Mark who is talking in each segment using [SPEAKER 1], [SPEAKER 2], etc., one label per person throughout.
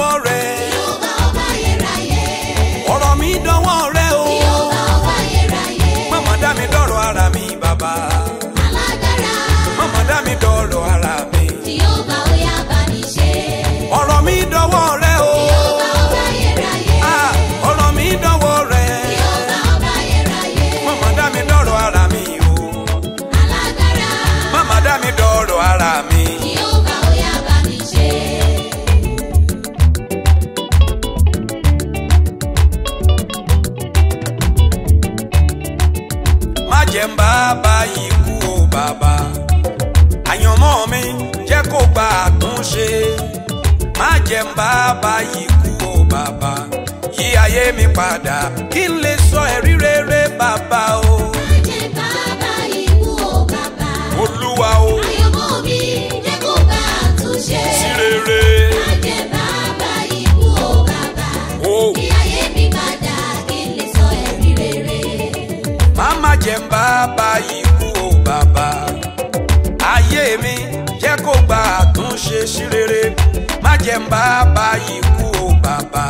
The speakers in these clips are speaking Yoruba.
[SPEAKER 1] our jẹ́ ń bàbá yìí kú o bàbá àyànmọ́ mi jẹ́ kó gba àtúnṣe má jẹ́ ń bàbá yìí kú o bàbá yí ayé mi padà kí n lè sọ ẹ̀rí rere bàbá o. má jẹ́ ń ikú o bàbá. ayé mi jẹ́ kó gba àtúnṣe sí rere má jẹ́ ń bá ikú o bàbá.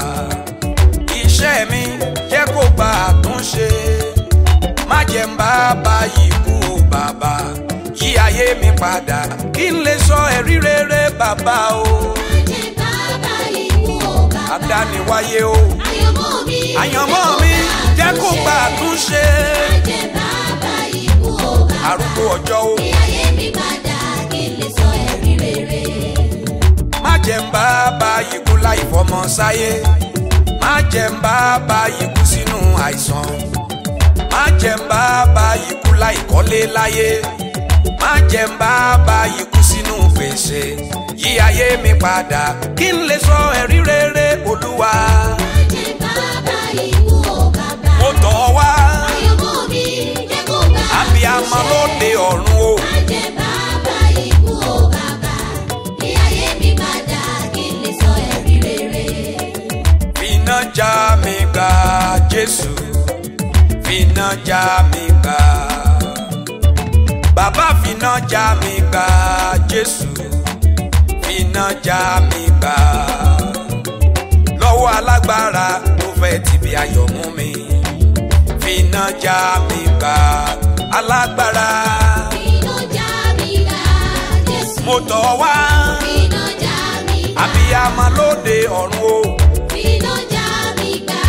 [SPEAKER 1] iṣẹ́ mi jẹ́ kó gba àtúnṣe má jẹ́ ń bá ikú o bàbá. yí ayé mi padà kí n lè sọ ẹ̀rí rere bàbá o. má jẹ́ ń bá bá ikú o bàbá. adániwáyé o. àyànmọ́ mi àyànmọ́ mi kó gba àtúnṣe ọjọ́ o. kí ayé mi padà kí n lè sọ ẹ̀rí rere. má jẹ́ ń bá bá ikú láì fọmọ sáyé. má jẹ́ ń bá bá ikú sínú àìsàn. má jẹ́ ń bá bá ikú láì kọ́lé láyé. má jẹ́ ń bá bá ikú sínú gbèsè. yí ayé mi padà kí n lè sọ ẹ̀rí rere olúwa. má jẹ́ ń bá bá ikú ọ̀gá bá. ó tọ̀ wá ọ̀run o. má jẹ́ bàbá mi má dà kí n lè sọ ẹ̀rí rere. finá já mi gbà Jésù finá já mi gbà. bàbá finá já mi gbà Jésù finá já mi gbà. lọ́wọ́ alágbára ló fẹ́ tìbí ayọ̀ mú mi finá mi gbà alágbára gbogbo tọ̀ wá. iná já mi gbà. abiyamọ lóde ọ̀run o. iná já mi gbà.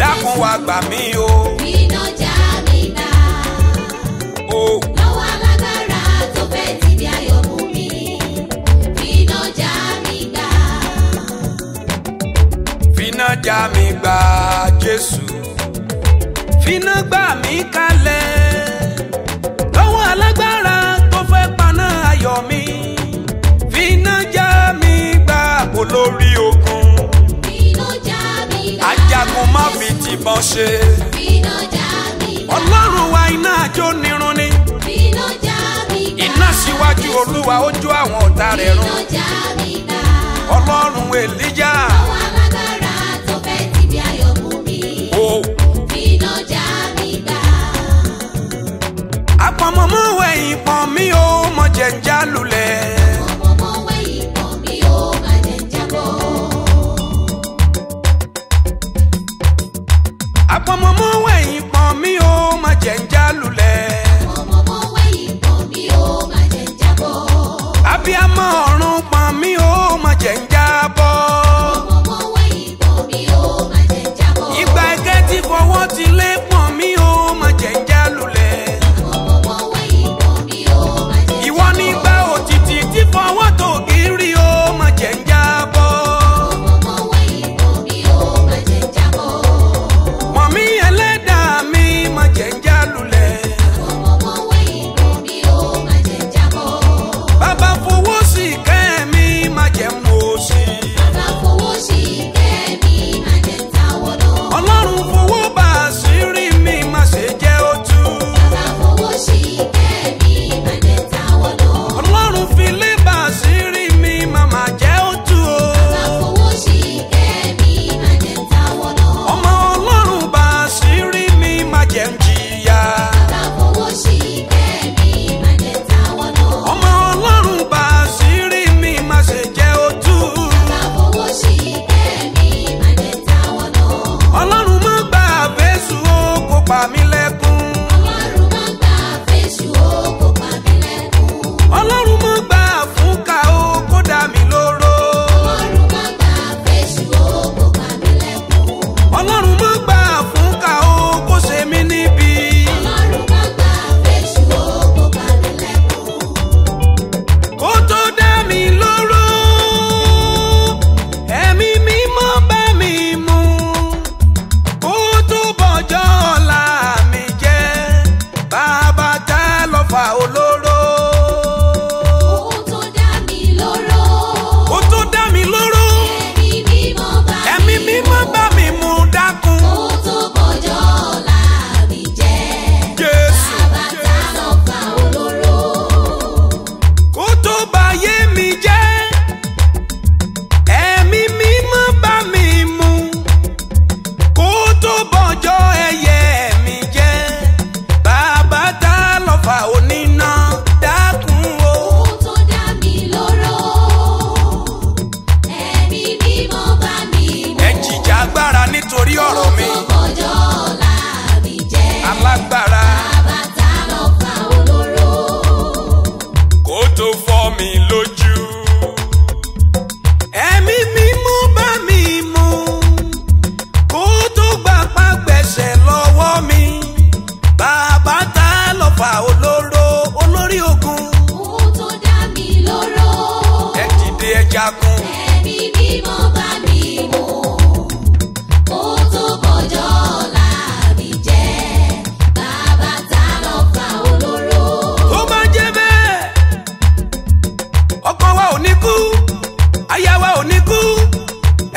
[SPEAKER 1] dákun wá gbà mí o. iná já mi gbà. o. lọ́wọ́ Jésù. finá gbà mí kalẹ̀. yìnbọn ṣe. iná já ọlọ́run wa iná àjò nírun ni. iná já mi dá. iná síwájú olúwa ó jó àwọn ọ̀tá rẹ̀ run. pra mim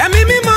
[SPEAKER 1] Emi mi mo